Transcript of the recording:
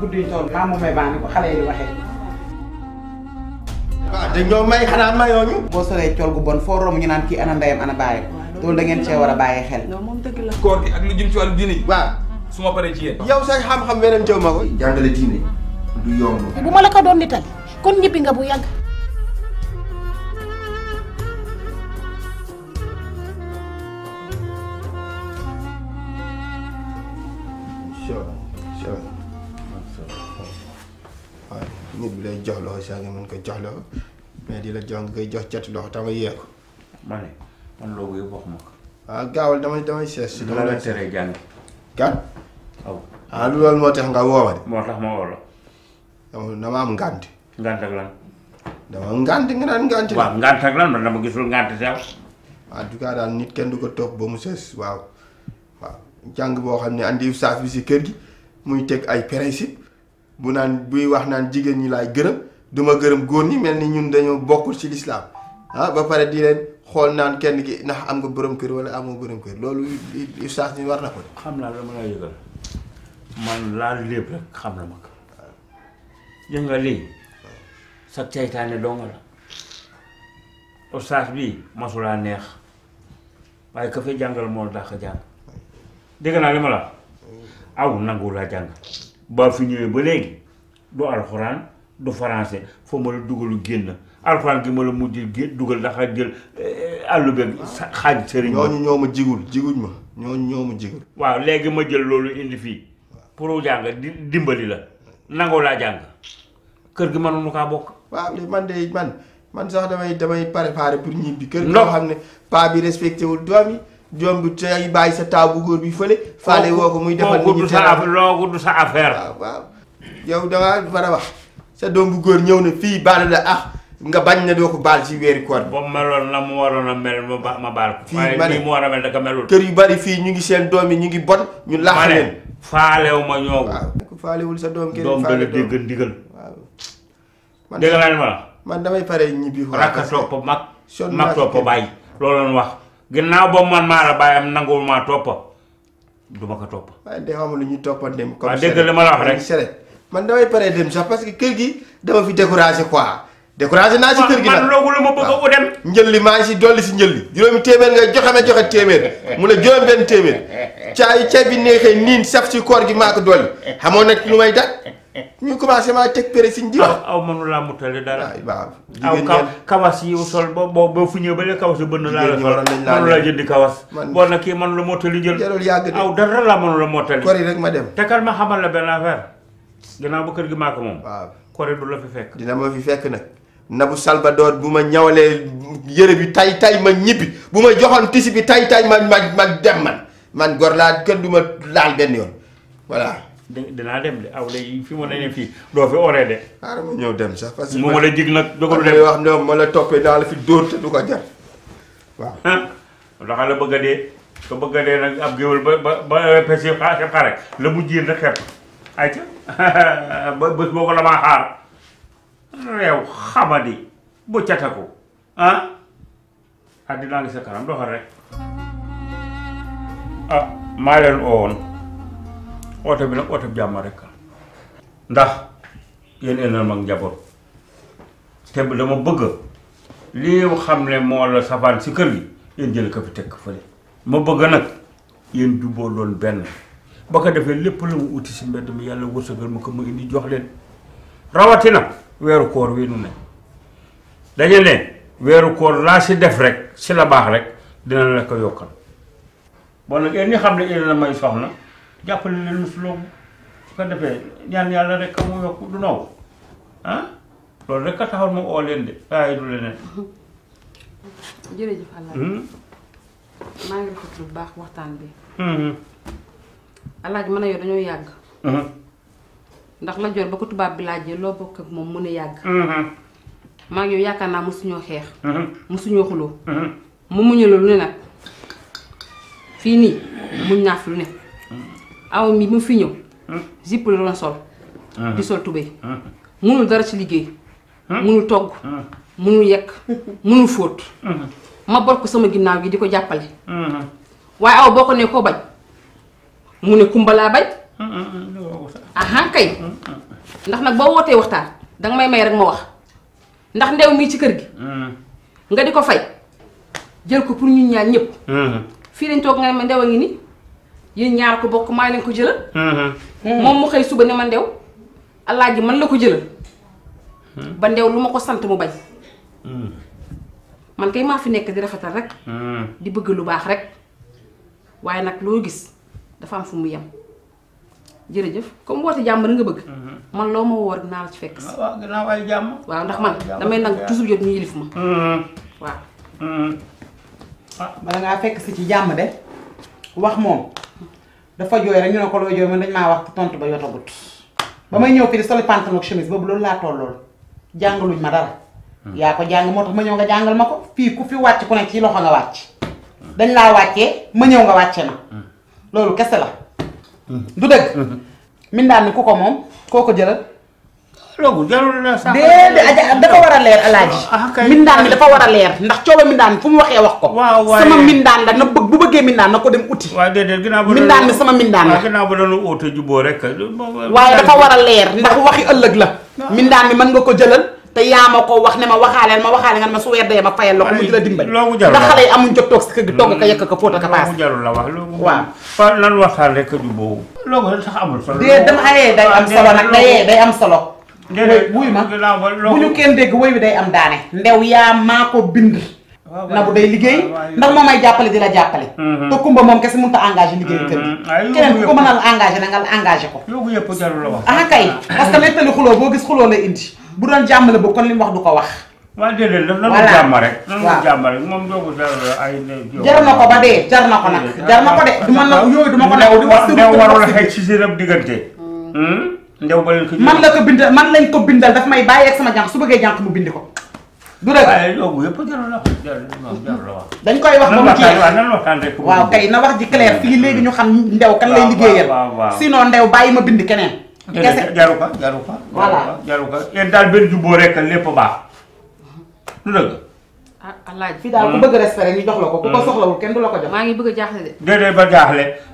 guddi ñu toll maa moom may baax ni ko xale yi di waxee. waaw dañ ñoo may xanaa mayoo ñu. boo solee col gu bon foo romb ñu naan kii ana ndeyam ana bàyyam loolu da ngeen war a bàyyi xel. loolu moom dëgg la. koor gi ak lu jëm ci wàllu diine yi. waaw su ma paree ci yéen. yow sa xam-xam weneen jëw ma ko. jàngale diine du yomb. bu ma la ko doon nital kon ñibbi nga bu yàgg. nit bi lay jox loxo saa nga mën ko jox loxo mais di la jox nga koy jox catu loxo tam nga yee ko. ma ne man loolu yëpp waxuma ah, gaawal damay damay seet si. dama la tere jàng. kan. waaw lu ah, loolu moo tax nga woo moo tax ma woo la. dama am ngànt. ngànt ak lan. dama am ngànt nga naan ngànt la. waaw ngànt ak lan man dama gisul ngànt si en tout cas kenn du ko topp ba mu sës waaw waaw jàng boo xam ne andi saaf si kër gi muy teg ay principe bu naan buy wax naan jigéen ñi laay gërëm du ma gërëm góor ñi mel ni ñun dañoo bokkul ci lislaam ah, ba pare di leen xool naan kenn ki ndax am nga borom kër wala amoo borom kër loolu ustaas ni war na ko de. xam naa dama lay yëgal man laal lépp xam na ma ko yëngal lii sa seytaane dong la bi masulaa neex waaye ka jàngal moo dàq jàng dégg naa li ma la aw nangu laa jàng baa fi ñëwee ba léegi du alxuraan du français foo ma la dugalu génn alxuraan gi ma la mujj dugal ndax dafa jël eh, àllu beeg xaaj sëriñ ñooñu ñoo ma jigul jiguñ ma ñooñu ñoo ma jigul waaw léegi ma jël loolu indi fii pour jàng dimbali la nangoo laa jàng kër gi mënoonu kaa bokk waaw man de man man sax damay damay préparé pour ñibbi kër gi xam ne paa bi respecté wul doom yi doom bi tey bàyyi sa taaw bu góor bi fële. faale woo ko muy defal nit loo sa affaire. waaw waaw yow wax sa doom bu góor ñëw na fii baal la ah, nga bañ na doo ko baal si weeri koor bi. ba mu waroon a ma ba ma a mel da yu bari fii ñu ngi seen doom yi ñu ngi bon. ñu laax leen ma ñoo. sa doom. kenn faale doom dana digal waaw. dégg naa ne ma. man damay pare ñibbi. rakk topp mag. sonn mag topp bàyyi loolu la ñu wax. gannaaw boobu man maa la bàyyam nanguwul maa topp du ma ko topp. waaye de xaw ma lu ñuy toppat dem. comme dégg man damay paree dem sax parce que kër gi dama fi découragé quoi. découragé naa ci kër gi nag man loolu ma bëgg u dem. njëlli maa ngi si dolli si njëlli juróomi téeméer nga joxe ma joxe téeméer mu ne juróom benn téeméer caay caay bi neexee niin saf ci koor gi maa ko dolli xamoon nag lu may dagg. Eh. ñu commencé maa teg péré si nji. Ah, aw mënu laa mutale dara. waaw jigéen aw kawas yi sol ba boo ba fu ñëw ba léegi kawas yi bënn laa la sol mënu laa jëndi kawas. man boo na kii mënu la mottali jël. jarul yàgg de aw dara laa mënu la mottali. kori rek ma dem. te kan ma xamal la benn affaire ba kër gi maa moom. waaw kori la fi fekk. dina ma fi fekk nag. nabu salvador bu ma ñawalee yëre bi tay tay ma ñibbi bu ma joxoon tisi bi tay tay ma ma ma dem man man gor laa kenn du ma laal benn yoon voilà dinaa dem de aw léegi fi ma ne fii doo fi oree de. xaaral ma ñëw dem sax parce que. mu ma la jig nag dogalu dem wax ne ma la toppee daal fi dóor te du ko jar waaw. ndax la bëgg a dee ko bëgg a dee nag ab géwél ba ba ba pêche boo ko la xaar réew xamadi bu cataku ah ah ngi sa kanam doxal rek. ah maa leen oo oote bi nag oto bi jàmm rek ndax yéen énal mag njaboot te dama bëgg li xam ne moo la safaan si kër gi yéen jël ko fi teg fële ma bëgg nag yéen juboo doon benn ba ko defee lépp la mu uti si mbedd mi yàlla wërsëgal ma ko mu indi jox leen rawatina weeru koor wi nu ne dañu ne weeru koor laa si def rek si la baax rek dina la ko yokkal bon nag yéen ñi xam ne yéen a may soxna jàpp leen su loolu su ko defee ñaan yàlla rek a mu yokk du naw ah? loolu rek a taxaw mu oo leen de waaye du leneen. jërëjëf Alaaji. Hmm? maa ngi rafetlu bu baax waxtaan bi. Hmm. Alaaji mën a yow dañoo yàgg. Hmm. ndax la joor ba ko tubaab bi laajee loo bokk ak moom mën a yàgg. maa ngi yow yaakaar naa mosuñoo xeex. mosuñoo xuloo. mu muñu lu ne nag fii nii muñ naaf lu ne. aw mi mu fi ñëw. zipp la sol. di sol tubéy. mënul dara ci liggéey. mënul togg. mënul yekk mënul fóot. ma bor sama ginnaaw gi di ko jàppale. waaye aw boo ko ne koo bañ mu ne kumba laa bañ. ahan kay ndax nag boo wootee waxtaan danga may may rek ma wax ndax ndew mii ci kër gi. nga di ko fay jël ko pour ñun ñaar ñëpp. fii lañ toog nga ne ma ndew a ngi nii yéen ñaar ko bokk maa leen ko jëlal mm-hmm. Mm-hmm. moom mu xëy suba ne ma ndew alaaji man la ko jëlal mm-hmm. ba ndew lu ma ko sant mu bañ man kay maa fi nekk di rafetal rek di bëgg lu baax rek waaye nag loo gis dafa am fu mu yem jërëjëf comme woote jàmm nga bëgg man loo ma woor naa la ci fekk si waaw ndax man damay nag toujours jot ñu yilif ma waaw ah, bala ngaa fekk si ci jàmm de wax moom dafa jooy rek ñu ne ko loo jooy man dañ maa wax tontu ba yotagut ba may ñëw fii di soli pantalon ak chemise boobu loolu laa tollool jàngaluñ ma dara hmm. yaa ko jàng moo tax ma ñëw nga jàngal ma ko fii ku fi wàcc ku ne ci loxo nga wàcc dañ laa wàccee ma ñëw nga wàcce na hmm. loolu kese la hmm. du dëgg mindaan ni ku ko moom koo ko jëlal loolu jarul la sax. déedéet dafa war a leer alaaji. Ah, mindaan mi dafa war a leer ndax cooba mindaan mi fu mu waxee wax ko. sama mindaan la na bëgg bu bëggee mindaan na ko dem uti. waaw déedéet ginnaaw ba mindaan mi sama mindaan la. waaw ginnaaw ba doon juboo rek. waaye dafa war a leer ndax waxi ëllëg la. Ah. mindaan mi mën nga ko jëlal. te yaa ma ko wax ne ma waxaaleel ma waxaale nga ne ma su weer dee ma fayal la ko mu di la dimbali. loogu jarul la ndax xale yi amuñ jot toog si kër gi togg ka yekk ka fóota ka paas. la wax loogu. waaw fa lan waxtaan a amul solo. dama ayee day am solo nag dayee solo. déedéet wuy ma bu ñu kenn dégg woy wi day am daane. ndew yaa maa ko bind. na bu day liggéey ndax moo may jàppale di la jàppale. Mhm. te ba moom kese mënut a engagé liggéey kër gi. Mhm. keneen ku a engagé na ko. loolu yëpp jarul la wax. ah kay parce que nettali xuloo boo gis xuloo la indi bu doon jàmmale ba kon li wax du ko wax. waa déedéet lan la jàmm rek. lan la jàmm rek moom doogu dara ay. jar na ko ba dee jar na ko nag. jar na ko de du ma na yooyu du ma ko nag. di wax surtout warul xëy ci seen diggante. Mm. Hmm? ndew ba leen man la ko bindal man lañ ko bindal daf may bàyyi ak sama jànq su bëggee jànq mu bind ko. du dëgg waaye loolu yëpp jarul la wax dañ koy wax ba mu jeex waaw kay na wax ji clair fii léegi ñu xam ndew kan lay liggéeyal. sinon ndew bàyyi ma bindi keneen. kese jaru ko jaru ko. voilà jaru ko yéen daal benn jubboo rek lépp baax du dëgg. Ah, fii daal ku hmm. bëgg respect ñu jox la ko. ku ko hmm. soxlawul kenn du la ko jox. maa ngi bëgg a jaaxle de. déedéet ba jaaxle.